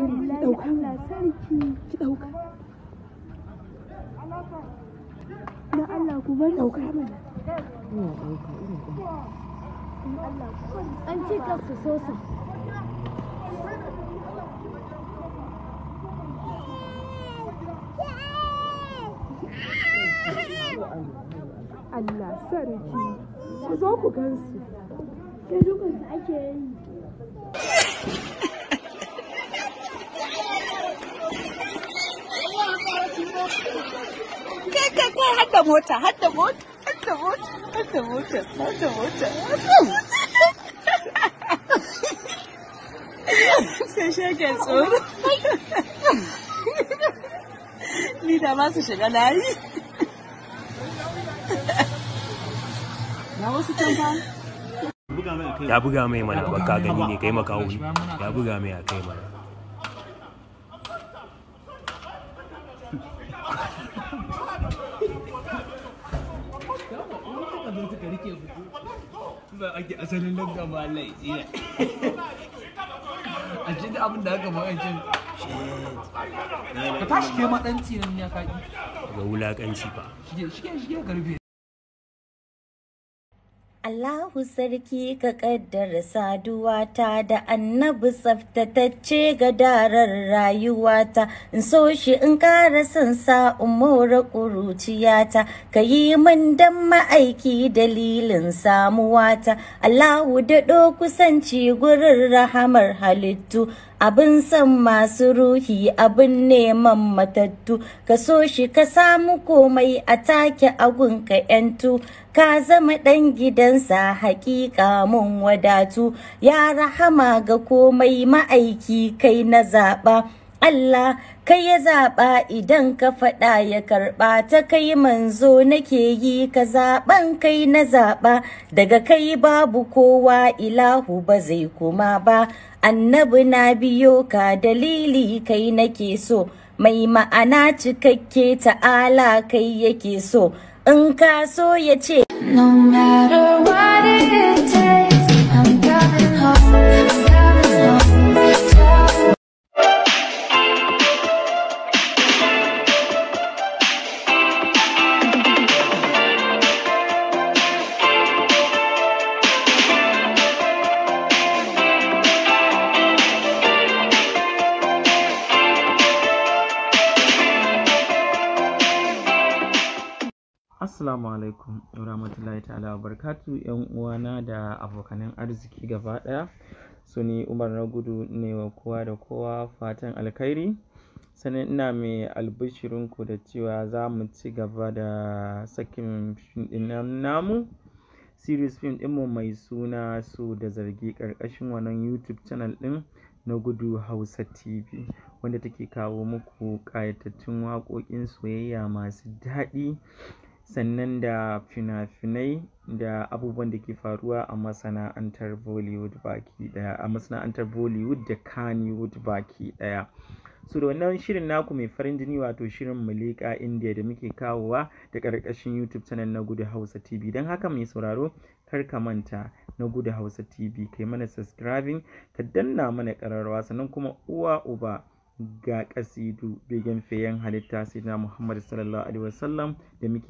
alhamdulillah Allah sarki ki dauka da Allah ku bar dauka mana ina dauka ina dauka an ce ka su sosa Allah sarki ku zo ku gansu. Ke dukansu ake yi. da mota har da mota har da mota har da mota har da mota sai shege tsoro ni da ma su shiga layi na wasu ya buga mai mana baka gani ne kai makawuni ya buga mai a kai mana rike fito ba ake asalin lagga Allah ya tsira a abin da aka magancin ka tashi kai ma dan ya kaji ga wulakanci ba shige shige shige garbe Allahu sarki ka kaddara saduwata da annabi tsaftatacce ga darar rayuwata in so shi in ƙara son sa umura ƙuruciyata ka yi min dan ma'aiki dalilin samuwata Allahu daɗo kusanci gurin rahamar halittu abin san masu ruhi abin neman matattu ka so shi ka samu komai a take agun ka yantu ka zama ɗan gidansa hakika mun wadatu ya rahama ga komai ma'aiki kai na zaɓa Allah kai ya zaɓa idan ka faɗa ya karɓa ta kai manzo nake yi ka zaɓan kai na zaɓa daga kai babu kowa ilahu ba zai kuma ba annabi na biyo ka dalili kai nake so mai ma'ana cikakke ta'ala kai yake so in ka so ya ce no matter what it is Assalamu alaikum wa rahmatullahi ta'ala wa barkatu ‘yan uwana da abokanan arziki gaba ɗaya. Su ne Umar na gudu ne kowa da kowa fatan alkhairi. Sannan ina mai albishirinku da cewa za mu ci gaba da sakin ɗin namu. Series film ɗinmu mai suna su da zargi ƙarƙashin wannan YouTube channel ɗin na gudu Hausa TV wanda take kawo muku ƙayatattun waƙoƙin soyayya masu daɗi. sannan da fina-finai da abubuwan da ke faruwa a masana'antar Bollywood baki ɗaya, a masana'antar Bollywood da Kannywood baki ɗaya. So da wannan shirin naku mai farin jini wato shirin Muleka India da muke kawowa da ƙarƙashin YouTube channel na Gudu Hausa TV. Don haka mai sauraro kar ka manta na Gudu Hausa TV kai mana subscribing ka danna mana ƙararrawa sannan kuma uwa uba ga ƙasidu begen feyen halitta sai na Muhammad sallallahu alaihi wasallam da muke